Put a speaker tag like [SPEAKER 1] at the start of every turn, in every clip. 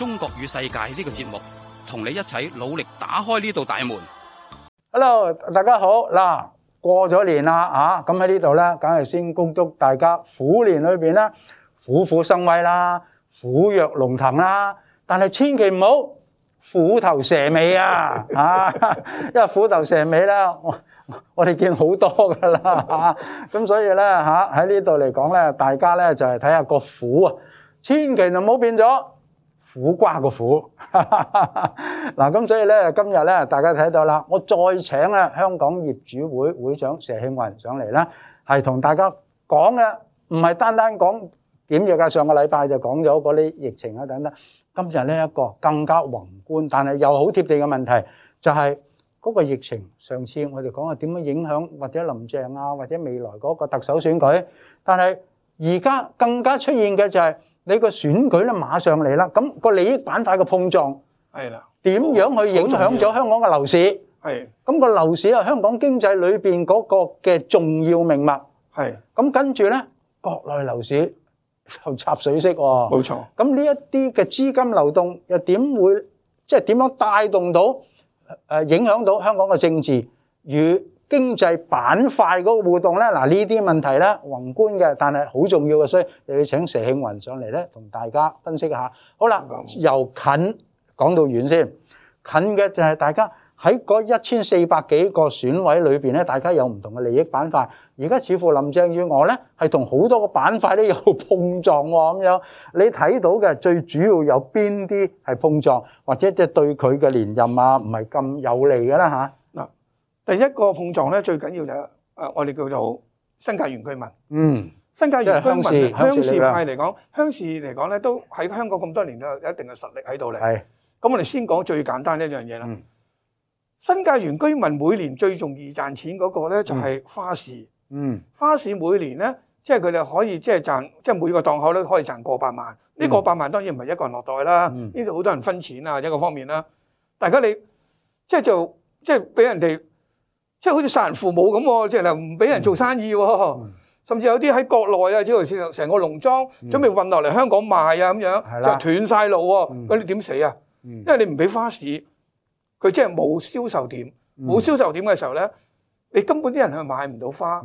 [SPEAKER 1] 中國與世界呢個節目，同你一齊努力打開呢道大門。Hello，大家好。嗱，過咗年啦，啊，咁喺呢度咧，梗係先恭祝大家虎年裏邊咧，虎虎生威啦，虎躍龍騰啦。但係千祈唔好虎頭蛇尾啊，啊，因為虎頭蛇尾咧，我我哋見好多噶啦。咁、啊、所以咧，吓、啊、喺呢度嚟講咧，大家咧就係睇下個虎啊，千祈就唔好變咗。苦瓜個苦嗱，咁所以咧，今日咧，大家睇到啦，我再請啊香港業主會會長謝慶雲上嚟咧，係同大家講嘅，唔係單單講檢疫啊。上個禮拜就講咗嗰啲疫情啊等等，今日呢一個更加宏觀，但係又好貼地嘅問題，就係嗰個疫情。上次我哋講啊點樣影響，或者林鄭啊，或者未來嗰個特首選舉，但係而家更加出現嘅就係。你個選舉咧馬上嚟啦，咁個利益板塊嘅碰撞係啦，點樣去影響咗香港嘅樓市？係咁個樓市係，香港經濟裏邊嗰個嘅重要命脈係。咁跟住咧，國內樓市又插水式喎，冇錯。咁呢一啲嘅資金流動又點會即係點樣帶動到誒影響到香港嘅政治與？經濟板塊嗰個互動咧，嗱呢啲問題咧，宏觀嘅，但係好重要嘅，所以又要請佘慶雲上嚟咧，同大家分析下。好啦，由近講到遠先，近嘅就係大家喺嗰一千四百幾個選委裏邊咧，大家有唔同嘅利益板塊。而家似乎林鄭月娥咧，係同好多個板塊都有碰撞喎，咁樣你睇到嘅最主要有邊啲係碰撞，或者即係對佢嘅連任啊，唔係咁有利嘅啦嚇。
[SPEAKER 2] 第一個碰撞咧，最緊要就係誒，我哋叫做新界原居民。嗯，
[SPEAKER 3] 新界原居民鄉事派嚟
[SPEAKER 2] 講，鄉事嚟講咧，都喺香港咁多年都有一定嘅實力喺度嚟。係。咁我哋先講最簡單一樣嘢啦。新界原居民每年最容易賺錢嗰個咧，就係花市。
[SPEAKER 3] 嗯。
[SPEAKER 2] 花市每年咧，即係佢哋可以即係賺，即係每個檔口咧，可以賺過百萬。呢個百萬當然唔係一個人落袋啦。呢度好多人分錢啊，一個方面啦。大家你即係就即係俾人哋。即係好似殺人父母咁喎，即係唔俾人做生意喎，甚至有啲喺國內啊，即係成個農莊準備運落嚟香港賣啊咁樣，就斷晒路喎。咁你點死啊？
[SPEAKER 3] 因
[SPEAKER 2] 為你唔俾花市，佢即係冇銷售點，冇銷售點嘅時候咧，你根本啲人係買唔到花。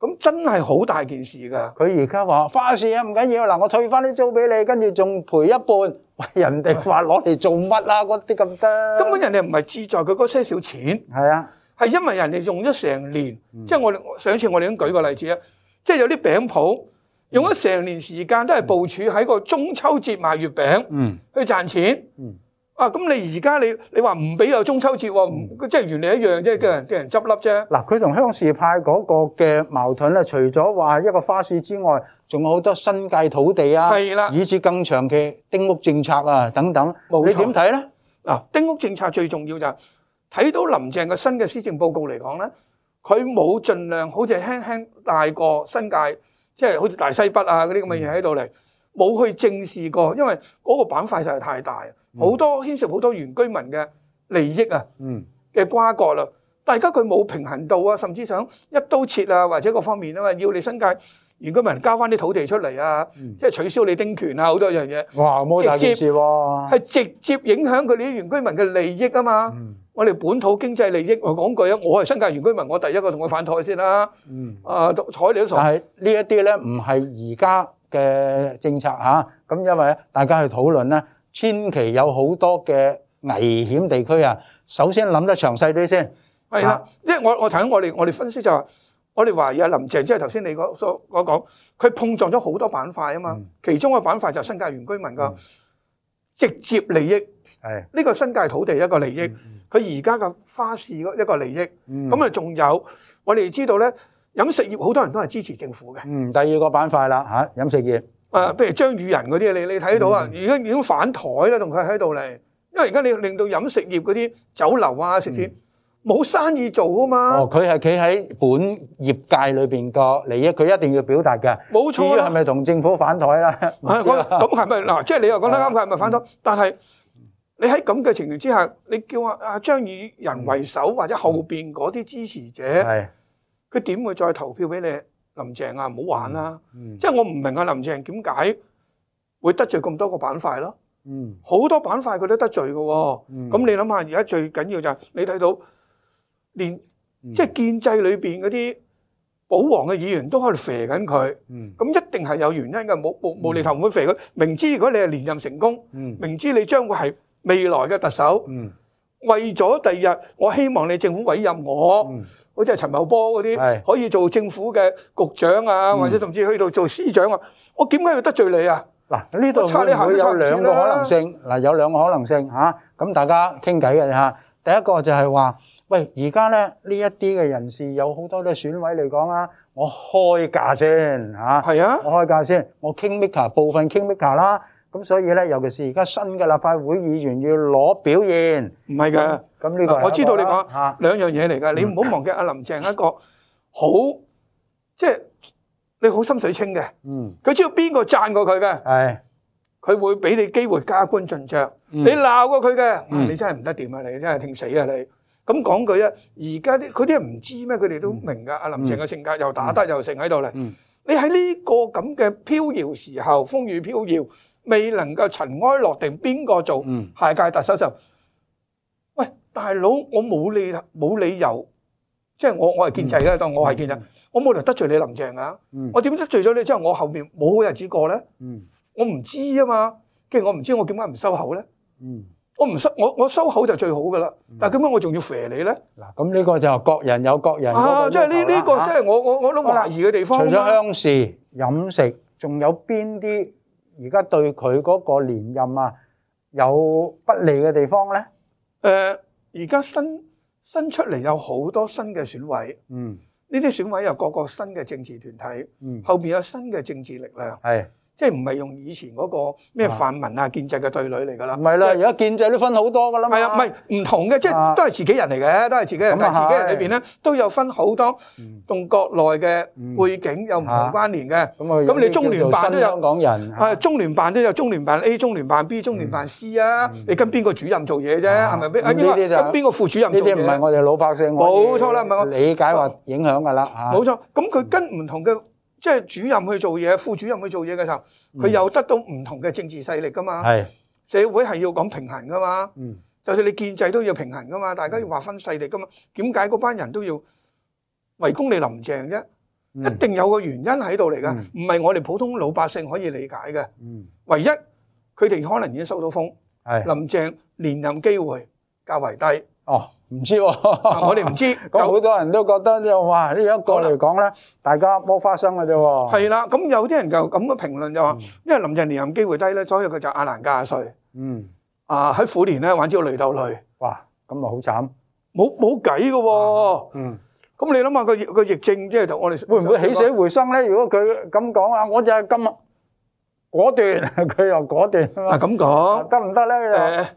[SPEAKER 2] 咁真係好
[SPEAKER 1] 大件事㗎。佢而家話花市啊唔緊要，嗱我退翻啲租俾你，跟住仲賠一半。喂人哋話攞嚟做乜啊？嗰啲咁得根本人哋唔係志在佢嗰些少
[SPEAKER 2] 錢。係啊。係因為人哋用咗成年，即係我哋，上次我哋已經舉個例子啊，即係有啲餅鋪用咗成年時間都係部署喺個中秋節賣月餅，去賺錢。嗯嗯、啊，咁你而家你你話唔俾有中秋節，唔、嗯、即係原嚟一樣，即係叫人叫人執笠啫。
[SPEAKER 1] 嗱，佢同鄉事派嗰個嘅矛盾咧，除咗話一個花市之外，仲有好多新界土地啊，的以至更長嘅丁屋政策啊等等。冇的你點睇咧？嗱，丁屋政策最重要就係。睇到
[SPEAKER 2] 林鄭嘅新嘅施政報告嚟講咧，佢冇盡量好似輕輕帶過新界，即係好似大西北啊嗰啲咁嘅嘢喺度嚟，冇、嗯、去正視過，因為嗰個板塊實在太大，好、嗯、多牽涉好多原居民嘅利益啊嘅、嗯、瓜葛啦，大家佢冇平衡到啊，甚至想一刀切啊，或者各方面啊嘛，要你新界。原居民交返啲土地出嚟、嗯、啊！即係取消你丁權啊，好多樣嘢。哇！冇第二件事
[SPEAKER 3] 喎，係
[SPEAKER 2] 直接影響佢哋啲原居民嘅利益啊嘛！嗯、我哋本土經濟利益，我講句啊，我係新界原居民，我第一個同佢反台先啦。嗯。啊，台你都傻。但係
[SPEAKER 1] 呢一啲咧，唔係而家嘅政策嚇。咁因為大家去討論咧，千祈有好多嘅危險地區啊。首先諗得詳細啲先。係、啊、啦，因為我我睇我哋我哋分析就話、是。我哋話啊，林鄭即係頭先你
[SPEAKER 2] 所講，佢碰撞咗好多板塊啊嘛。其中一個板塊就新界原居民嘅直接利益，係呢、嗯、個新界土地一個利益。佢而家嘅花市一個利益，咁啊仲有我哋知道咧，飲食業好多人都係支持政府嘅。嗯，第二個板
[SPEAKER 1] 塊啦嚇，飲、啊、食業
[SPEAKER 2] 啊，譬如張宇人嗰啲，你你睇到啊，而家、嗯、已經反台啦，同佢喺度嚟，因為而家你令到飲食業嗰啲酒樓啊、食店。冇生意做啊嘛！
[SPEAKER 1] 哦，佢係企喺本業界裏邊個利益，佢一定要表達嘅。冇錯，至於係咪同政府反台啦？唔係，咁咁係咪嗱？即係你又講得啱
[SPEAKER 2] 㗎，係咪反台？但係你喺咁嘅情形之下，你叫阿阿張宇人為首，或者後邊嗰啲支持者，佢點會再投票俾你？林鄭啊，唔好玩啦！即係我唔明啊，林鄭點解會得罪咁多個板塊咯？嗯，好多板塊佢都得罪嘅喎。嗯，咁你諗下，而家最緊要就係你睇到。連即係建制裏邊嗰啲保皇嘅議員都喺度肥緊佢，咁一定係有原因嘅，冇冇冇厘頭唔會肥佢。明知如果你係連任成功，明知你將會係未來嘅特首，為咗第二日我希望你政府委任我，好似陳茂波嗰啲可以做政府嘅局長啊，或者甚至去到做司長啊，我點解要得罪你啊？嗱，
[SPEAKER 1] 呢度差啲行差。會有兩個可能性，嗱，有兩個可能性嚇，咁大家傾偈嘅嚇。第一個就係話。喂，而家咧呢一啲嘅人士有好多都選委嚟講啊，我開價先吓，係啊，我開價先，我傾偈部分傾偈啦，咁所以咧，尤其是而家新嘅立法會議員要攞表現，唔係嘅，咁呢個我知道你講
[SPEAKER 2] 兩樣嘢嚟㗎，你唔好忘記阿林鄭一個好即係你好心水清嘅，嗯，佢知道邊個讚過佢嘅，係，佢會俾你機會加官進爵，你鬧過佢嘅，你真係唔得掂啊！你真係聽死啊你！咁講句啊，而家啲人唔知咩，佢哋都明噶。阿林鄭嘅性格又打得又剩喺度嚟。你喺呢個咁嘅飄搖時候，風雨飄搖，未能夠塵埃落定，邊個做，下屆特首就喂，大佬，我冇理冇理由，即係我我係建制嘅，當我係建制，我冇理由得罪你林鄭啊。我點得罪咗你之後，我後面冇好日子過咧。我唔知啊嘛，跟住我唔知我點解唔收口咧。我唔收我我收口就最好噶啦，但係咁樣我仲要肥你咧？
[SPEAKER 1] 嗱，咁呢個就各人有各人。即係呢呢個即係、啊、我、
[SPEAKER 2] 啊、我我都懷疑嘅地方。啊、除咗
[SPEAKER 1] 鄉事飲食，仲有邊啲而家對佢嗰個連任啊有不利嘅地方咧？誒、呃，而家新
[SPEAKER 2] 新出嚟有好多新嘅選委。嗯。呢啲選委又各個新嘅政治團體。嗯。後邊有新嘅政治力量。係、嗯。即係唔係用以前嗰個咩泛民啊建制嘅對壘嚟㗎啦？唔係啦，而家建制都分好多㗎啦嘛。係啊，唔係唔同嘅，即係都係自己人嚟嘅，都係自己人。但係自己人裏邊咧，都有分好多同國內嘅背景有唔同關聯嘅。咁啊，咁你中聯辦都有香港人。係啊，中聯辦都有中聯辦 A、中聯辦 B、中聯辦 C 啊。你跟邊個主任做嘢啫？係咪邊？啊邊個？跟邊個副主任做嘢？呢啲唔係我
[SPEAKER 1] 哋老百姓。冇錯啦，唔係我理解話影響㗎啦。嚇！冇
[SPEAKER 2] 錯，咁佢跟唔同嘅。即係主任去做嘢，副主任去做嘢嘅時候，佢、嗯、又得到唔同嘅政治勢力噶嘛？係是社會係要講平衡噶嘛？嗯，就算你建制都要平衡噶嘛，大家要劃分勢力噶嘛？點解嗰班人都要圍攻你林鄭啫？
[SPEAKER 3] 嗯、一
[SPEAKER 2] 定有個原因喺度嚟噶，唔係、嗯、我哋普通老百姓可以理解嘅。嗯、唯一佢哋可能
[SPEAKER 1] 已經收到風，林鄭連任機會較為低。嗯、哦。唔知，我哋唔知。咁好多人都覺得就哇呢一個嚟講咧，大家剝花生嘅
[SPEAKER 2] 啫。係啦，咁有啲人就咁嘅評論就話，因為林鄭連任機會低咧，所以佢就阿蘭嫁阿瑞。嗯。啊，喺虎年咧玩咗雷鬥雷，哇！咁啊好慘。冇冇計嘅喎。嗯。咁你諗下佢佢疫症，即係同我哋會唔會起死
[SPEAKER 1] 回生咧？如果佢咁講啊，我就係咁果斷，佢又果斷啊。咁講
[SPEAKER 2] 得唔得咧？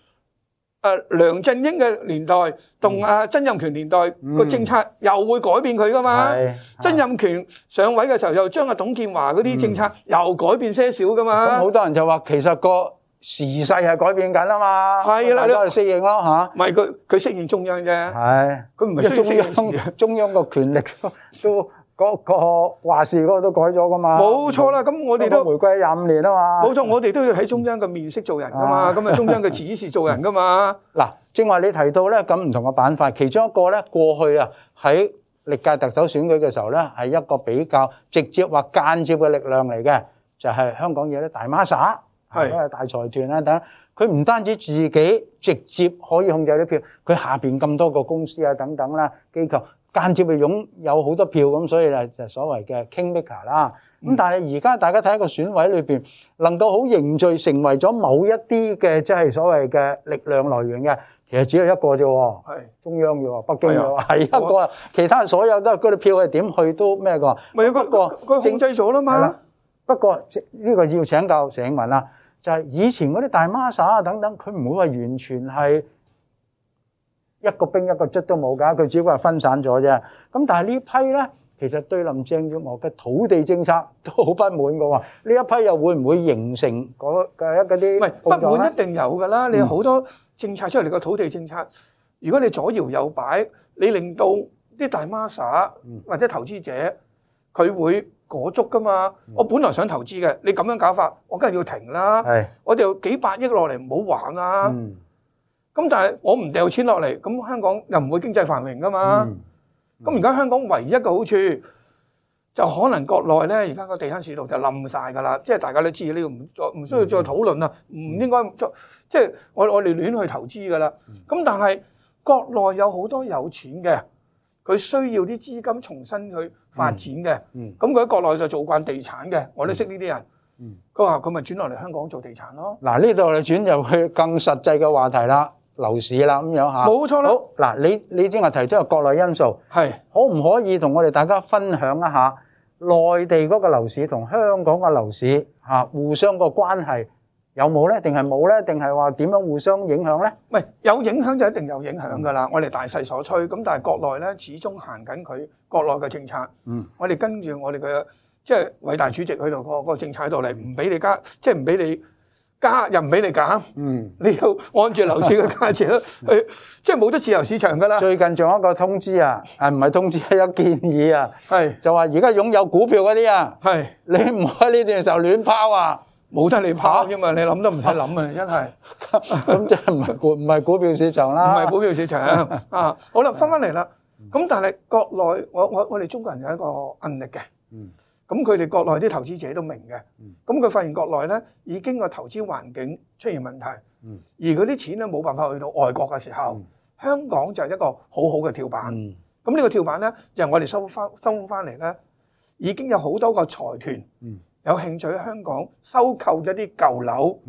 [SPEAKER 2] 誒、呃、梁振英嘅年代同阿、啊、曾蔭權年代個政策、嗯、又會改變佢噶嘛？嗯、曾蔭權上位嘅時候又將阿董建華嗰啲政策
[SPEAKER 1] 又改變些少噶嘛？咁好、嗯、多人就話其實個時勢係改變緊啊嘛，大家的都適應咯嚇。唔係佢佢適應中央啫，佢唔係適應中央中央個權力都。 嗰個話事嗰個都改咗噶嘛？冇錯啦，咁我哋都回歸廿五年啊嘛。冇
[SPEAKER 2] 錯，我哋都要喺中央嘅面色做人噶嘛，咁啊中央嘅指示
[SPEAKER 1] 做人噶嘛。嗱，正話你提到咧，咁唔同嘅板塊，其中一個咧，過去啊喺歷屆特首選舉嘅時候咧，係一個比較直接或間接嘅力量嚟嘅，就係香港有啲大孖沙，係嗰個大財團啊等，佢唔單止自己直接可以控制啲票，佢下邊咁多個公司啊等等啦機構。間接係擁有好多票咁，所以咧就係所謂嘅 kingmaker 啦。咁、嗯、但係而家大家睇一個選委裏邊，能夠好凝聚成為咗某一啲嘅即係所謂嘅力量來源嘅，其實只有一個啫。係是中央嘅喎，北京嘅喎，係、啊、一個。我其他所有都嗰啲票係點去都咩嘅？咪不，不過佢控制咗啦嘛。不過呢個要請教成雲啦，就係、是、以前嗰啲大孖沙啊等等，佢唔會話完全係。嗯一個兵一個卒都冇㗎，佢只不過分散咗啫。咁但係呢批咧，其實對林鄭月娥嘅土地政策都好不滿嘅喎。呢一批又會唔會形成嗰嘅一嗰啲？唔係不滿一定有㗎啦。你好
[SPEAKER 2] 多政策出嚟個土地政策，如果你左搖右擺，你令到啲大孖沙或者投資者佢會裹足㗎嘛？我本來想投資嘅，你咁樣搞法，我梗係要停啦。係，我哋幾百億落嚟唔好玩啊！嗯。咁但係我唔掉錢落嚟，咁香港又唔會經濟繁榮噶嘛。咁而家香港唯一嘅好處就可能國內咧，而家個地產市道就冧晒㗎啦。即係大家都知呢個唔再唔需要再討論啦，唔應該再即係我我哋亂去投資㗎啦。咁但係國內有好多有錢嘅，佢需要啲資金重新去發展嘅。咁佢喺國內就做慣地產嘅，我都識呢啲人。佢話佢咪轉落嚟香港做地產咯。
[SPEAKER 1] 嗱，呢度嚟轉入去更實際嘅話題啦。嗯嗯嗯嗯嗯樓市啦咁樣嚇，冇錯啦。好嗱，你你正話提出個國內因素，係可唔可以同我哋大家分享一下內地嗰個樓市同香港個樓市嚇互相個關係有冇咧？定係冇咧？定係話點樣互相影響咧？喂，有影響就一定有影響㗎啦。我哋大勢所趨，咁但係國內咧始終
[SPEAKER 2] 行緊佢國內嘅政策。嗯，我哋跟住我哋嘅即係偉大主席去到個個政策喺度嚟，唔俾你加，即係唔俾你。加又唔俾你減，你要按住樓市嘅價
[SPEAKER 1] 錢咯，係即係冇得自由市場㗎啦。最近仲有一個通知啊，係唔係通知係有建議啊？係就話而家擁有股票嗰啲啊，係你唔可以喺呢段時候亂拋啊，冇得你拋，因為你諗都唔使諗啊，真係。咁即係唔係股唔係股票市場啦？唔係股票市場啊！
[SPEAKER 2] 好啦，翻返嚟啦。咁但係國內我我我哋中國人有一個壓力嘅。咁佢哋國內啲投資者都明嘅，咁佢發現國內呢已經個投資環境出現問題，而嗰啲錢呢冇辦法去到外國嘅時候，香港就係一個好好嘅跳板。咁呢、嗯、個跳板呢就係我哋收翻收翻嚟呢已經有好多個財團有興趣喺香港收購咗啲舊樓，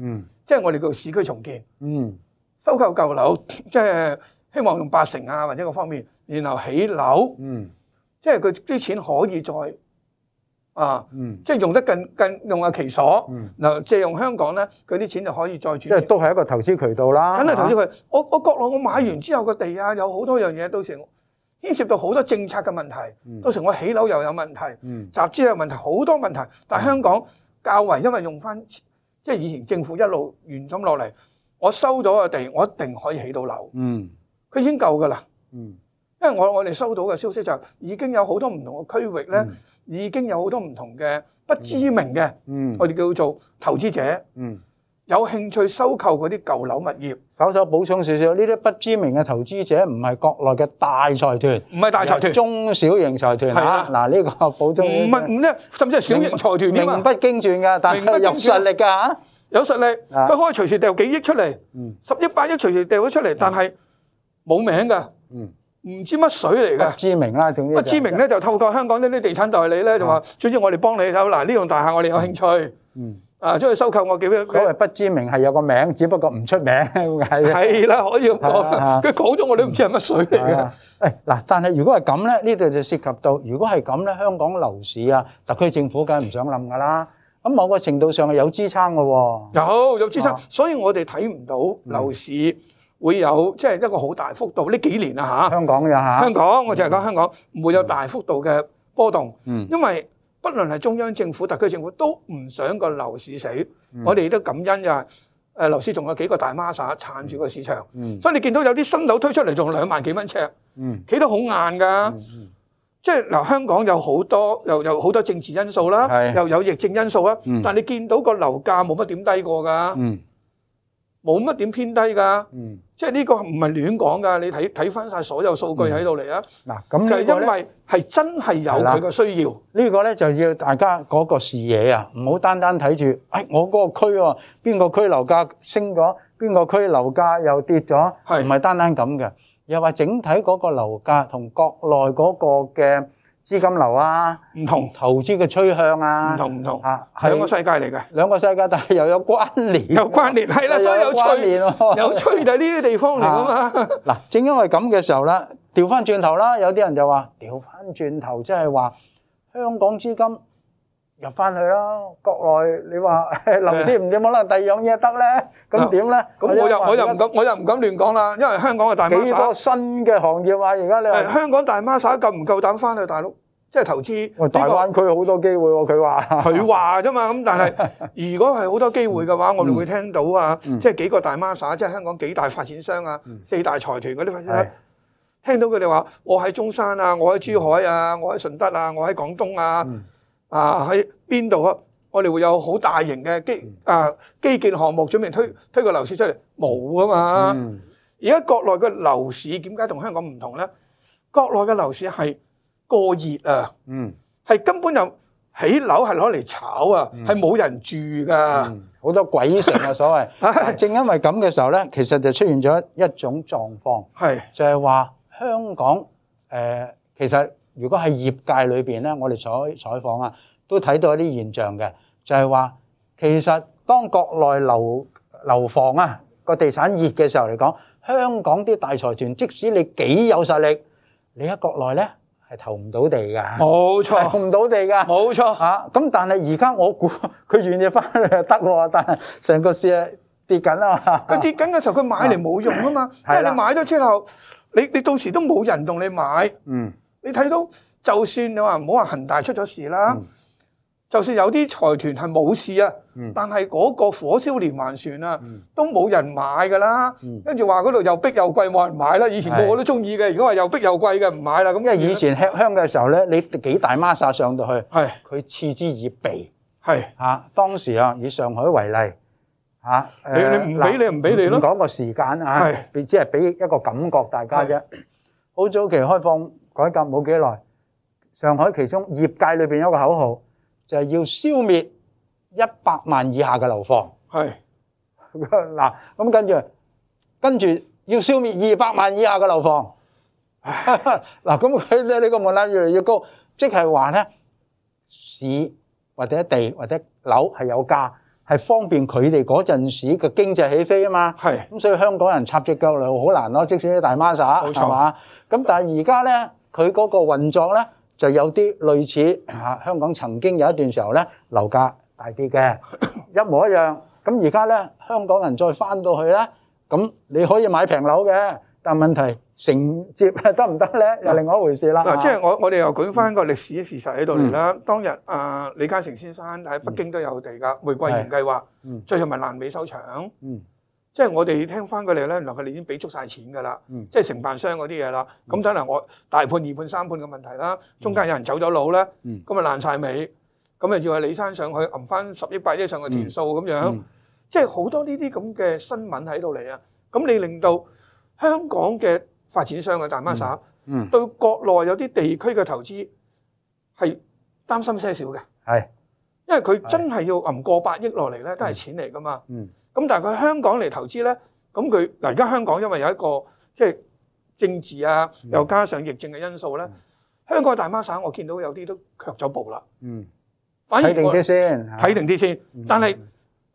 [SPEAKER 2] 即係、嗯、我哋叫市區重建，嗯、收購舊樓，即、就、係、是、希望用八成啊或者各方面，然後起樓，嗯、即係佢啲錢可以再。啊，即係用得更近用阿其所，嗱，借用香港咧，佢啲錢就可以再轉。即係
[SPEAKER 1] 都係一個投資渠道啦。梗係投資佢，
[SPEAKER 2] 我我國內我買完之後個地啊，有好多樣嘢，到時牽涉到好多政策嘅問題。到時我起樓又有問題，集資又有問題，好多問題。但係香港較為因為用翻，即係以前政府一路原金落嚟，我收咗個地，我一定可以起到樓。佢已經夠噶啦。因為我我哋收到嘅消息就已經有好多唔同嘅區域咧。已經有好多唔同嘅不知名嘅，
[SPEAKER 3] 我哋
[SPEAKER 1] 叫做投資者，有興趣收購嗰啲舊樓物業，稍稍補充少少。呢啲不知名嘅投資者唔係國內嘅大財團，唔係大財團，中小型財團係啊。嗱呢個補充。唔係唔呢，甚至係小型財團啊嘛。名不經傳㗎，但係有實力
[SPEAKER 2] 㗎。有實力，佢可以隨時掉
[SPEAKER 1] 幾億出嚟，
[SPEAKER 2] 十億八億隨時掉咗出嚟，但係冇名㗎。唔知乜水嚟嘅，
[SPEAKER 1] 不知名啦，仲
[SPEAKER 2] 不知名咧就透過香港呢啲地產代理咧，就話，總之我哋幫你睇，嗱呢棟大廈我哋有興
[SPEAKER 1] 趣，啊將佢收購，我叫咩？所謂不知名係有個名，只不過唔出名，係
[SPEAKER 3] 啦，可以咁講，佢講咗我都唔知係乜水嚟嘅。
[SPEAKER 1] 誒嗱，但係如果係咁咧，呢度就涉及到，如果係咁咧，香港樓市啊，特區政府梗係唔想冧噶啦。咁某個程度上係有支撐嘅喎，有
[SPEAKER 2] 有支撐，所以我哋睇唔到樓市。會有即係一個好大幅度，呢幾年啊嚇！香
[SPEAKER 1] 港嘅嚇，香
[SPEAKER 2] 港我就係講香港唔、嗯、會有大幅度嘅波動，嗯、因為不論係中央政府、特區政府都唔想個樓市死。嗯、我哋都感恩嘅，誒樓市仲有幾個大媽撐住個市場。嗯、所以你見到有啲新樓推出嚟仲兩萬幾蚊尺，企、嗯、得好硬㗎。嗯、即係嗱，香港有好多又有好多政治因素啦，的嗯、又有疫症因素啦。但係你見到個樓價冇乜點低過㗎。嗯冇乜點偏低㗎，即係呢個唔係亂講㗎，你睇睇翻曬所有數據喺度嚟啊。嗱，就係因為係真係有佢嘅需要，
[SPEAKER 1] 呢個咧就要大家嗰個視野啊，唔好單單睇住，誒我嗰個區喎，邊個區樓價升咗，邊個區樓價又跌咗，唔係單單咁嘅，又話整體嗰個樓價同國內嗰個嘅。資金流啊，唔同投資嘅趨向啊，唔同唔同啊，係兩是個世界嚟嘅，兩個世界，但係又有關聯，有關聯，係啦，所以有趣， 有趣就係呢啲地方嚟㗎嘛。嗱， 正因為咁嘅時候啦，調翻轉頭啦，有啲人就話調翻轉頭，即係話香港資金。入翻去咯，國內你話樓市唔掂，可能第二樣嘢得咧，咁點咧？咁我又我又唔敢，
[SPEAKER 2] 我又唔敢亂講啦，因為香港嘅大孖沙
[SPEAKER 1] 新嘅行業嘛，而家你話香港大孖沙夠
[SPEAKER 2] 唔夠膽翻去大陸，即係投資？大灣區好多機會喎，佢話佢話啫嘛，咁但係如果係好多機會嘅話，我哋會聽到啊，即係幾個大孖沙，即係香港幾大發展商啊，四大財團嗰啲，聽到佢哋話我喺中山啊，我喺珠海啊，我喺順德啊，我喺廣東啊。啊，喺邊度啊？我哋會有好大型嘅基啊基建項目準備推推個樓市出嚟，冇吖嘛。而家國內嘅樓市點解同香港唔同咧？國內嘅樓市係
[SPEAKER 1] 過熱啊，係根本就起樓係攞嚟炒啊，係冇人住噶，好多鬼城啊，所謂。正因為咁嘅時候咧，其實就出現咗一種狀況，係就係話香港誒其實。如果係業界裏邊咧，我哋採採訪啊，都睇到一啲現象嘅，就係話其實當國內樓樓房啊，個地產熱嘅時候嚟講，香港啲大財團即使你幾有實力，你喺國內咧係投唔到地㗎，冇錯，投唔到地㗎，冇錯嚇。咁但係而家我估佢願意翻嚟又得喎，但係成個市啊跌緊啦嘛。佢跌緊嘅時候，佢買
[SPEAKER 2] 嚟冇用啊嘛，因為你買咗之後，你你到時都冇人同你買，嗯。你睇到，就算你話唔好話恒大出咗事啦，就算有啲財團係冇事啊，但係嗰個火燒連環船啊，都冇人買㗎啦。跟住話嗰度又逼又貴，冇人買啦。以前個個都中意嘅，如果話又逼又貴嘅，唔買啦。咁因為以前吃
[SPEAKER 1] 香嘅時候咧，你幾大孖沙上到去，係佢嗤之以鼻。係嚇，當時啊，以上海為例嚇，你你唔俾你唔俾你咯。講個時間啊，係你只係俾一個感覺大家啫。好早期開放。改革冇幾耐，上海其中業界裏邊有一個口號，就係、是、要消滅一百萬以下嘅樓房。係嗱是，咁 跟住，跟住要消滅二百萬以下嘅樓房。嗱是，咁佢呢個門檻越嚟越高，即係話咧市或者地或者樓係有價，係方便佢哋嗰陣時嘅經濟起飛啊嘛。係咁是，所以香港人插隻腳嚟好難咯，即使大媽冇錯嘛。咁但係而家咧。佢嗰個運作呢，就有啲類似吓香港曾經有一段時候呢樓價大跌嘅，一模一樣。咁而家呢香港人再返到去呢，咁你可以買平樓嘅，但問題承接得唔得呢，又另外一回事啦。啊，即係
[SPEAKER 2] 我我哋又舉返個歷史事實喺度嚟啦。當日啊李嘉誠先生喺北京都有地㗎，玫瑰園計劃，最後咪爛尾收場。即係我哋聽翻佢哋咧，原來佢哋已經俾足晒錢㗎啦。嗯、即係承辦商嗰啲嘢啦，咁可能我大判二判三判嘅問題啦，中間有人走咗路咧，咁咪、嗯、爛晒尾，咁啊要係李生上去揞翻十億八億上嘅填數咁、嗯嗯、樣，即係好多呢啲咁嘅新聞喺度嚟啊！咁你令到香港嘅發展商嘅大媽耍，嗯嗯、對國內有啲地區嘅投資係擔心些少嘅。係。因為佢真係要揞過百億落嚟咧，都係錢嚟噶嘛。咁、嗯、但係佢香港嚟投資咧，咁佢嗱而家香港因為有一個即係政治啊，又加上疫症嘅因素咧，嗯、香港大媽省我見到有啲都卻咗步啦。
[SPEAKER 3] 嗯，睇定啲先，睇定啲先。嗯、但
[SPEAKER 2] 係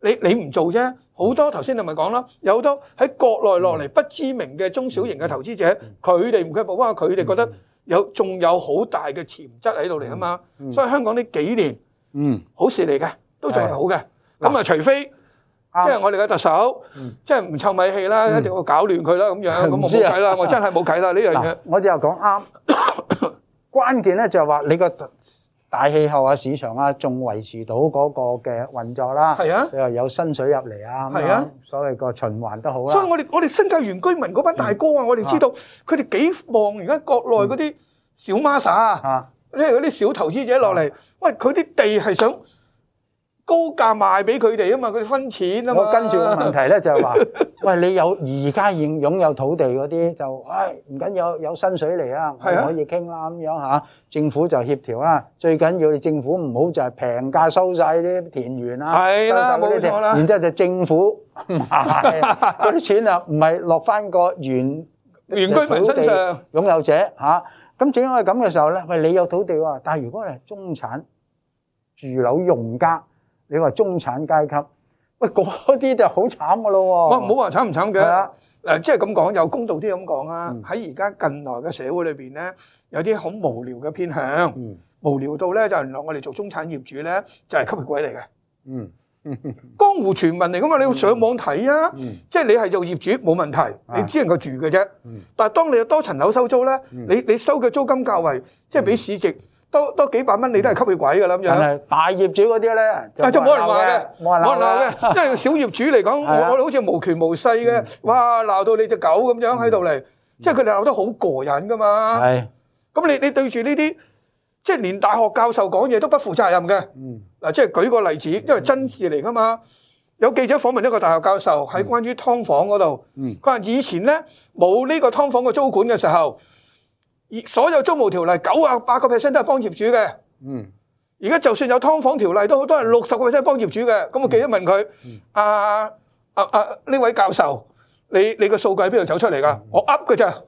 [SPEAKER 2] 你你唔做啫，好多頭先你咪講啦，有好多喺國內落嚟不知名嘅中小型嘅投資者，佢哋唔卻步，因佢哋覺得有仲有好大嘅潛質喺度嚟啊嘛。所以香港呢幾年。嗯，好事嚟嘅，都仲係好嘅。咁啊，除非即係我哋嘅特首，即係唔臭米氣啦，一定要搞亂佢啦，咁樣咁我冇計啦，我真係冇計啦呢樣嘢。
[SPEAKER 1] 我只係講啱，關鍵咧就係話你個大氣候啊、市場啊，仲維持到嗰個嘅運作啦。係啊，你話有薪水入嚟啊，咁樣所謂個循環都好啦。所以我哋我哋
[SPEAKER 2] 新界原居民嗰班大哥啊，我哋知道佢哋幾望而家國內嗰啲小 massa 啊。即係嗰啲小投資者落嚟，喂，佢啲地係想高
[SPEAKER 1] 價賣俾佢哋啊嘛，佢哋分錢啊嘛。我跟住個問題咧就係話，喂，你有而家擁擁有土地嗰啲就唉唔緊要，有薪水嚟啊，可以傾啦咁樣嚇。政府就協調啦，最緊要你政府唔好就係平價收曬啲田園啦，係啦冇錯啦。然之後就政府賣嗰啲錢啊，唔係落翻個原
[SPEAKER 3] 原居民身上土地
[SPEAKER 1] 擁有者嚇。咁正因為咁嘅時候咧，喂，你有土地喎，但係如果你係中產住樓用家，你話中產階級，喂，嗰啲就好慘噶咯喎。唔好話慘唔慘嘅，
[SPEAKER 2] 誒，即係咁講，有公道啲咁講啊。喺而家近來嘅社會裏邊咧，有啲好無聊嘅偏向，無聊到咧就係原來我哋做中產業主咧就係吸血鬼嚟嘅。江湖傳聞嚟噶嘛？你要上網睇啊！即係你係做業主冇問題，你只能夠住嘅啫。但係當你有多層樓收租咧，你你收嘅租金價位，即係比市值多多幾百蚊，你都係吸血鬼噶啦咁樣。係大業主嗰啲咧，就冇人鬧嘅，冇人鬧嘅。因為小業主嚟講，我我哋好似無權無勢嘅，哇，鬧到你隻狗咁樣喺度嚟，即係佢哋鬧得好過癮噶嘛。係咁，你你對住呢啲。即係連大學教授講嘢都不負責任嘅。嗱，即係舉個例子，因為真事嚟噶嘛。有記者訪問一個大學教授喺關於劏房嗰度，佢話以前咧冇呢個劏房嘅租管嘅時候，而所有租務條例九十八個 percent 都係幫業主嘅。而家就算有㓥房條例都，都好多人六十個 percent 幫業主嘅。咁我記者問佢：，阿阿阿呢位教授，你你個數據喺邊度走出嚟噶？我噏嘅啫。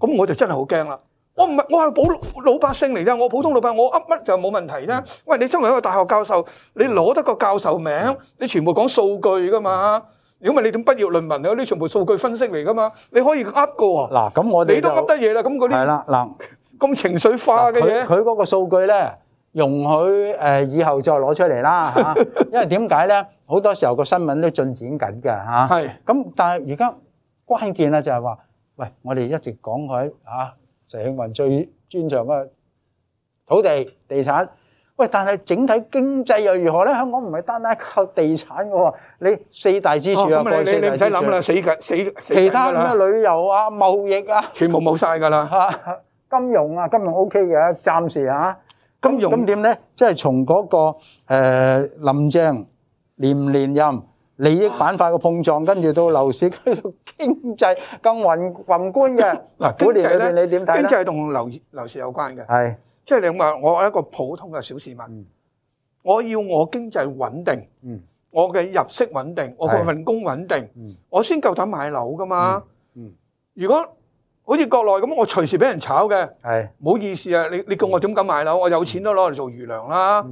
[SPEAKER 2] 咁我就真係好驚啦。我唔係，我係保老百姓嚟啫。我普通老百姓，我噏乜就冇問題啦。喂，你身為一個大學教授，你攞得個教授名，你全部講數據㗎嘛？如果唔係，你點畢業論文？你啲全部數據分析嚟㗎嘛？你可以噏噶喎。
[SPEAKER 1] 嗱，咁我哋你都噏得
[SPEAKER 2] 嘢啦。咁嗰啲係啦，
[SPEAKER 1] 嗱，咁情緒化嘅嘢。佢嗰個數據咧，容許誒以後再攞出嚟啦，嚇。因為點解咧？好多時候個新聞都進展緊㗎嚇。係咁，但係而家關鍵啊，就係話，喂，我哋一直講佢嚇。財興雲最專長嘅土地、地產，喂！但係整體經濟又如何咧？香港唔係單單靠地產嘅喎，你四大支柱啊，外線大。你，你唔使諗啦，死緊死。其他咩旅遊啊、貿易啊，全部冇曬㗎啦。金融啊，金融 OK 嘅，暫時嚇。金融咁點咧？即係從嗰個誒林鄭連唔連任。利益板塊嘅碰撞，跟住到樓市，跟到經濟更宏宏觀嘅。嗱， 經濟咧呢，經濟同
[SPEAKER 2] 樓樓市有關嘅。係是，即係你話我係一個普通嘅小市民，嗯、我要我經濟穩定，嗯、我嘅入息穩定，是我個份工穩定，嗯、我先夠膽買樓噶嘛。嗯
[SPEAKER 3] 嗯、
[SPEAKER 2] 如果好似國內咁，我隨時俾人炒嘅，唔、嗯、好意思啊！你你叫我點敢買樓？我有錢都攞嚟做餘糧啦。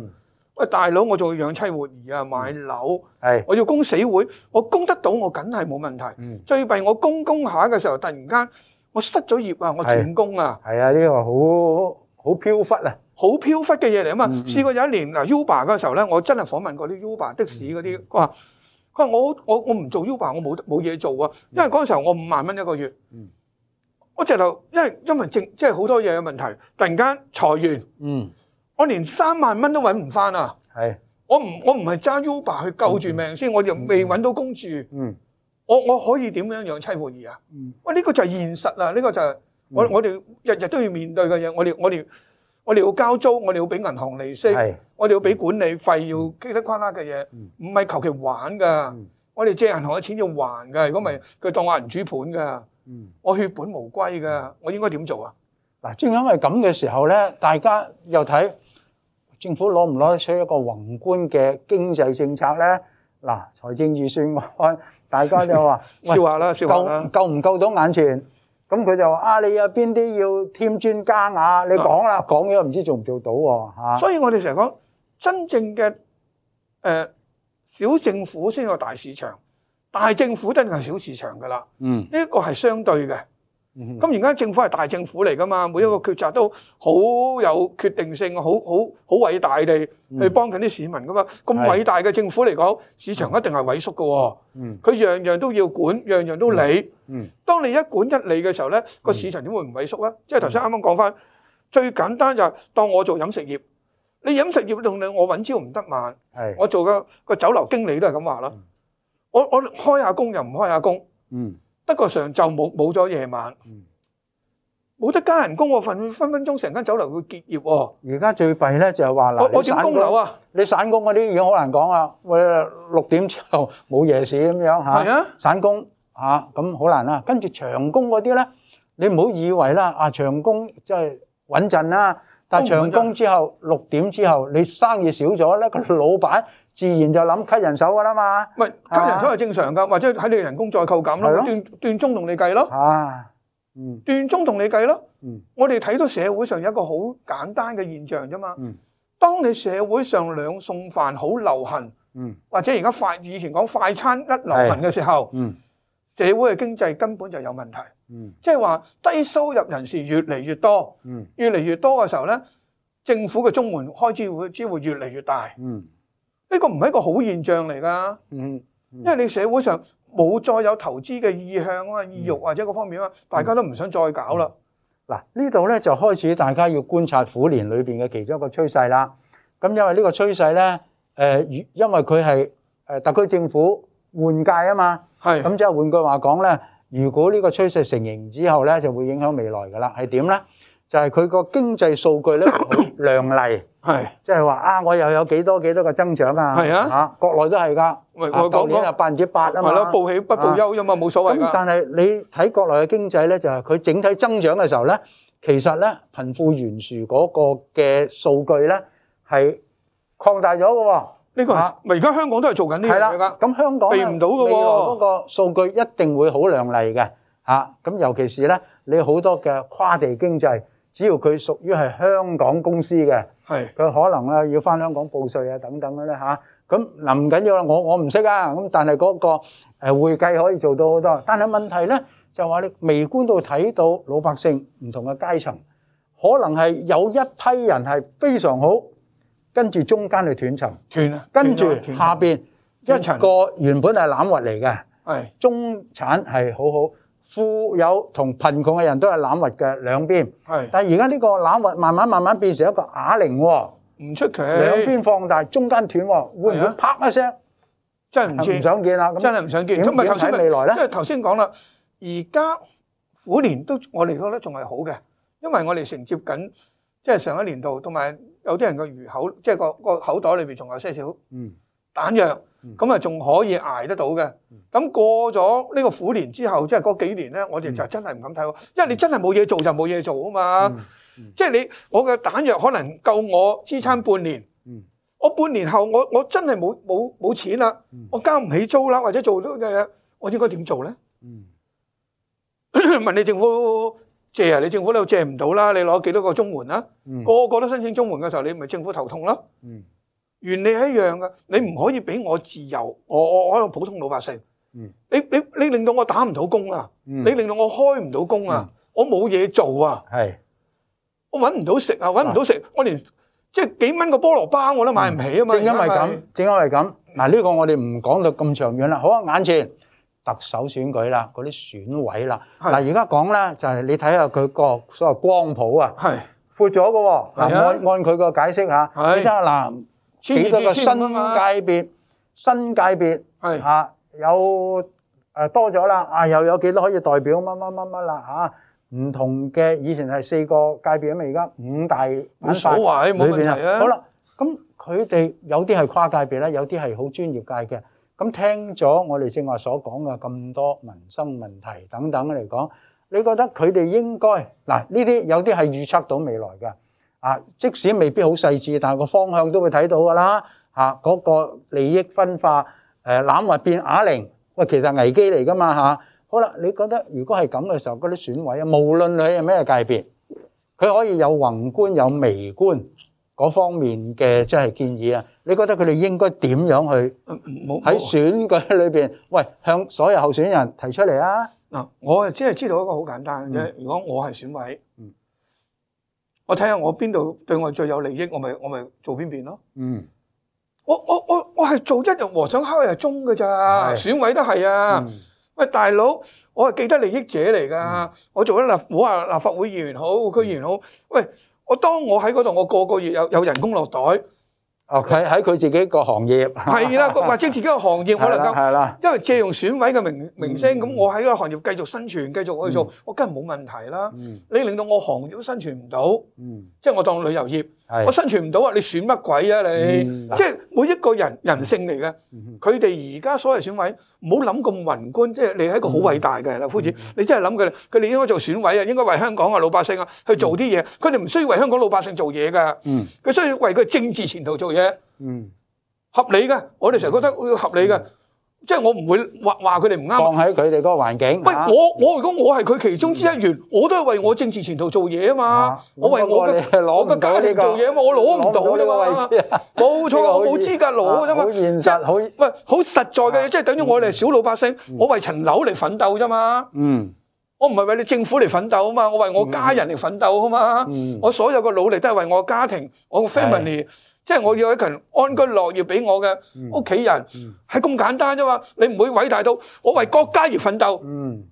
[SPEAKER 2] 喂，大佬，我仲要養妻活兒啊，買樓，是我要供死會，我供得到我梗係冇問題。嗯、最弊我供供下嘅時候，突然間我失咗業啊，我斷供啊。係、這、啊、個，呢個好好飄忽啊，好飄忽嘅嘢嚟啊嘛。嗯嗯，試過有一年嗱 Uber 嗰時候咧，我真係訪問過啲 Uber 的士嗰啲，佢話佢話，我我我唔做 Uber，我冇冇嘢做啊。因為嗰陣時候我五萬蚊一個月，嗯、我直頭因為因為政即係好多嘢嘅問題，突然間裁員。我連三萬蚊都揾唔翻啊！係，我唔我唔係揸 Uber 去救住命先，我又未揾到工住。嗯，我我可以點樣養妻活兒啊？嗯，我呢個就係現實啊！呢個就係我我哋日日都要面對嘅嘢。我哋我哋我哋要交租，我哋要俾銀行利息，我哋要俾管理費，要幾多框啦嘅嘢。唔係求其玩噶。我哋借銀行嘅錢要還噶。如果唔係，佢當我銀主盤噶。嗯，我血本無歸噶。我應該點做啊？
[SPEAKER 1] 嗱，正因為咁嘅時候咧，大家又睇。政府攞唔攞得出一個宏觀嘅經濟政策咧？嗱，財政預算案，大家就話，喂，笑下啦，笑夠唔夠，夠到眼前？咁佢 就話：啊，你有邊啲要添磚加瓦？你講啦，講咗唔知做唔做到喎、啊、所以我哋成日講，真正嘅
[SPEAKER 2] 誒、呃、小政府先有大市場，大政府真正係小市場㗎啦。嗯，呢一個係相對嘅。咁而家政府係大政府嚟㗎嘛？每一個決策都好有決定性，好好好偉大地去幫緊啲市民㗎嘛。咁偉大嘅政府嚟講，嗯、市場一定係萎縮嘅、哦嗯。嗯，佢樣樣都要管，樣樣都理。嗯，嗯當你一管一理嘅時候咧，個市場點會唔萎縮啊？嗯嗯、即係頭先啱啱講返，最簡單就係、是、當我做飲食業，你飲食業同你我揾招唔得慢。係、嗯，我做個個酒樓經理都係咁話啦。我我開下工又唔開下工。嗯。不過上晝冇冇咗夜晚，冇得加人工喎，份分
[SPEAKER 1] 分鐘成間酒樓會結業喎。而家最弊咧就係話嗱，你散工啊，你散工嗰啲已經好難講啦。喂，六點之後冇夜市咁樣嚇，散工嚇咁好難啦。跟住長工嗰啲咧，你唔好以為啦，啊長工即係穩陣啦，但係長工之後六點之後你生意少咗咧，個老闆。自然就諗吸人手嘅啦嘛，唔吸人手係正常㗎，或者喺你人工再扣減咯，
[SPEAKER 2] 斷斷鐘同你計咯，啊，嗯，斷鐘同你計咯，嗯，我哋睇到社會上有一個好簡單嘅現象啫嘛，嗯，當你社會上兩餸飯好流行，嗯，或者而家快以前講快餐一流行嘅時候，嗯，社會嘅經濟根本就有問題，嗯，即係話低收入人士越嚟越多，嗯，越嚟越多嘅時候呢，政府嘅中門開支會只會越嚟越大，嗯。呢個唔係一個好現象嚟㗎，因為你社會上冇再有投資嘅意向啊、意欲或者各方面啊，大家都
[SPEAKER 1] 唔想再搞啦。嗱、嗯，呢度咧就開始大家要觀察虎年裏邊嘅其中一個趨勢啦。咁因為呢個趨勢咧，誒，因為佢係誒特區政府換屆啊嘛，係，咁即係換句話講咧，如果呢個趨勢成型之後咧，就會影響未來㗎啦。係點咧？但係佢個經濟數據咧，亮麗，係即係話啊！我又有幾多幾多嘅增長啊！係啊，嚇國內都係㗎。咪我舊年又百分之八啊嘛，報喜不報憂啫嘛，冇所謂㗎。咁但係你睇國內嘅經濟咧，就係佢整體增長嘅時候咧，其實咧貧富懸殊嗰個嘅數據咧係擴大咗嘅喎。呢個嚇，咪而家香港都係做緊呢樣嘢㗎。咁香港避唔到㗎喎，嗰個數據一定會好亮麗嘅嚇。咁尤其是咧，你好多嘅跨地經濟。只要佢屬於係香港公司嘅，佢可能咧要返香港報稅啊等等嘅咧嚇。咁嗱唔緊要啦，我我唔識啊。咁但係嗰個誒會計可以做到好多。但係問題咧就話你微觀到睇到老百姓唔同嘅階層，可能係有一批人係非常好，跟住中間去斷層，斷啊，跟住下邊一層個原本係攬鬱嚟嘅，中產係好好。富有同貧窮嘅人都係欖核嘅兩邊，係。是的 但係而家呢個欖核慢慢慢慢變成一個啞鈴喎，唔出奇。兩邊放大，中間斷喎，的會唔會啪一聲？真係唔想見啦！真係唔想見。咁咪頭先咪？因為頭先
[SPEAKER 2] 講啦，而家虎年都我哋覺得仲係好嘅，因為我哋承接緊，即係上一年度同埋有啲人嘅餘口，即係個個口袋裏邊仲有少少。嗯。彈藥咁啊，仲可以捱得到嘅。咁過咗呢個苦年之後，即係嗰幾年咧，我哋就真係唔敢睇喎。因為你真係冇嘢做就冇嘢做啊嘛。即係你我嘅彈藥可能夠我支撐半年。我半年後我我真係冇冇冇錢啦，我交唔起租啦，或者做都誒，我應該點做咧？問你政府借啊？你政府都借唔到啦。你攞幾多個綜援啊？個個都申請綜援嘅時候，你咪政府頭痛咯。原理係一樣嘅，你唔可以俾我自由，我我我一個普通老百姓，你你你令到我打唔到工啊，你令到我開唔到工啊，我冇嘢做啊，我揾唔到食啊，揾唔到食，我連即係幾蚊個菠蘿包我都買唔起啊嘛。正因為咁，
[SPEAKER 1] 正因為咁，嗱呢個我哋唔講到咁長遠啦。好啊，眼前特首選舉啦，嗰啲選委啦，嗱而家講咧就係你睇下佢個所謂光譜啊，闊咗嘅喎。按按佢個解釋嚇，你睇下嗱。幾多個新界別？新界別係嚇是、啊、有誒、呃、多咗啦啊！又有幾多可以代表乜乜乜乜啦嚇？唔、啊、同嘅以前係四個界別啊嘛，而家五大五塊裏邊啊。好啦，咁佢哋有啲係跨界別咧，有啲係好專業界嘅。咁聽咗我哋正話所講嘅咁多民生問題等等嚟講，你覺得佢哋應該嗱呢啲有啲係預測到未來嘅。啊，即使未必好細緻，但係個方向都會睇到㗎啦。嚇，嗰個利益分化，誒欖核變啞鈴，喂，其實危機嚟㗎嘛嚇。好啦，你覺得如果係咁嘅時候，嗰啲選委啊，無論佢係咩界別，佢可以有宏觀、有微觀嗰方面嘅即係建議啊。你覺得佢哋應該點樣去喺選舉裏邊？喂，向所有候選人提出嚟啊！嗱，我只係知道一個好簡單嘅，如果我係選委。
[SPEAKER 2] 我睇下我邊度對我最有利益，我咪我咪做邊邊咯。嗯，
[SPEAKER 3] 我我
[SPEAKER 2] 我我係做一日和尚敲一日鐘嘅咋。是選委都係啊。嗯、喂，大佬，我係既得利益者嚟噶。嗯、我做咗立，冇話立法會議員好，區議員好。嗯、喂，我當我喺嗰度，我個個月有有人工落袋。哦，佢喺佢自己個行
[SPEAKER 1] 業係啦，或 者自
[SPEAKER 2] 己個行業我能夠係啦，因為借用選委嘅名名聲，咁、嗯、我喺個行業繼續生存，繼續去做，嗯、我梗係冇問題啦。嗯、你令到我行業都生存唔到，嗯、即係我當旅遊業。是我生存唔到啊！你選乜鬼啊你？嗯、即係每一個人人性嚟嘅，佢哋而家所謂選委，唔好諗咁宏觀，即係你係一個好偉大嘅人，夫子，嗯、你真係諗佢哋，佢哋應該做選委啊，應該為香港啊老百姓啊去做啲嘢，佢哋唔需要為香港老百姓做嘢噶，佢、嗯、需要為佢政治前途做嘢，
[SPEAKER 3] 嗯、
[SPEAKER 2] 合理嘅，我哋成日覺得要合理嘅。嗯嗯即係我唔會話話佢哋唔啱，放喺
[SPEAKER 1] 佢哋嗰個環境。喂，我
[SPEAKER 2] 我如果我係佢其中之一員，我都係為我政治前途做嘢啊嘛。我為我我個家庭做嘢嘛，我攞唔到啫嘛。冇錯，我冇資格攞啫嘛。即係好現實，唔係好實在嘅，即係等於我哋小老百姓，我為層樓嚟奮鬥啫嘛。
[SPEAKER 3] 嗯，
[SPEAKER 2] 我唔係為你政府嚟奮鬥啊嘛，我為我家人嚟奮鬥啊嘛。我所有嘅努力都係為我家庭，我個 family。即係我要一群安居樂業俾我嘅屋企人，係咁簡單啫嘛。你唔會偉大到我為國家而奮鬥。嗱、嗯，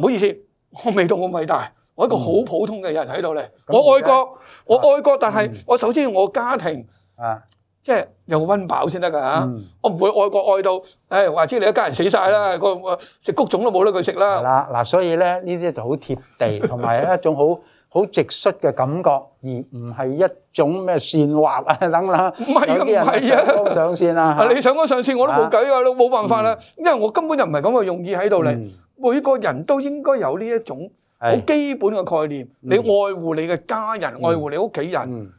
[SPEAKER 2] 唔好意思，我未到我偉大，我一個好普通嘅人喺度咧。嗯、我愛國，嗯、我愛國，但係我首先要我家庭，即係有溫飽先得㗎嚇。
[SPEAKER 1] 嗯、
[SPEAKER 2] 我唔會愛國愛到誒，話、哎、知你一家人死晒啦，個
[SPEAKER 1] 食谷種都冇得佢食啦。嗱嗱，所以咧呢啲就好貼地，同埋係一種好。 好直率嘅感覺，而唔係一種咩線滑啊等啦下。唔係啊唔係啊！上上 你上線啊？你想講上線我都冇計啊，都冇辦法啦，嗯、因為我根本就唔係咁嘅用意喺度嚟。嗯、
[SPEAKER 2] 每個人都應該有呢一種好基本嘅概念。嗯、你愛護你嘅家人，嗯、愛護你屋企人。嗯嗯嗯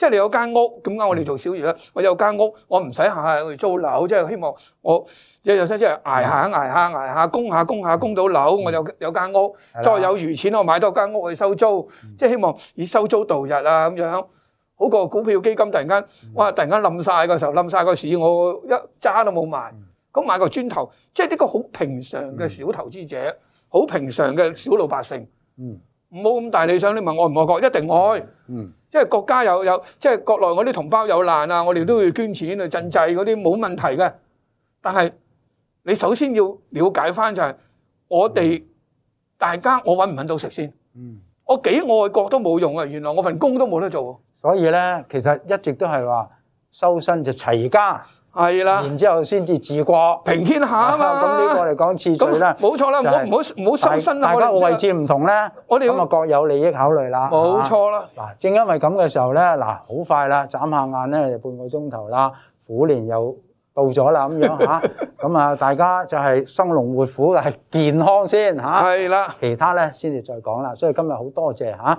[SPEAKER 2] 即係你有間屋，咁啱我哋做小業啦。我有間屋，我唔使下下去租樓，即係希望我日日即係捱下捱下捱下供下供下，供下，供下，供到樓。我有有間屋，的再有餘錢，我買多間屋去收租。即係希望以收租度日啊咁樣，好過股票基金突然間，嗯、哇！突然間冧晒個時候，冧晒個市，我一揸都冇埋。咁買個磚頭，即係呢個好平常嘅小投資者，好、嗯、平常嘅小老百姓。嗯。唔好咁大理想，你問我愛唔愛國，一定愛。
[SPEAKER 3] 嗯，
[SPEAKER 2] 即係國家有有，即係國內嗰啲同胞有難啊，我哋都要捐錢去賑濟嗰啲，冇問題嘅。但係你首先要了解返就係我哋、嗯、大家，我揾唔揾到食先。嗯，我幾愛國都冇用啊，原來
[SPEAKER 1] 我份工都冇得做。所以咧，其實一直都係話修身就齊家。係啦，然之後先至治國平天下啊嘛。咁呢、啊這個嚟講次序啦，冇錯啦，唔好唔好唔好收身啊！大家個位置唔同咧，咁啊各有利益考慮啦，冇錯啦。嗱、啊，正因為咁嘅時候咧，嗱、啊，好快啦，眨下眼咧就半個鐘頭啦，虎年又到咗啦，咁樣吓，咁啊大家就係生龍活虎，係健康先嚇。係、啊、啦，的其他咧先至再講啦。所以今日好多謝嚇。啊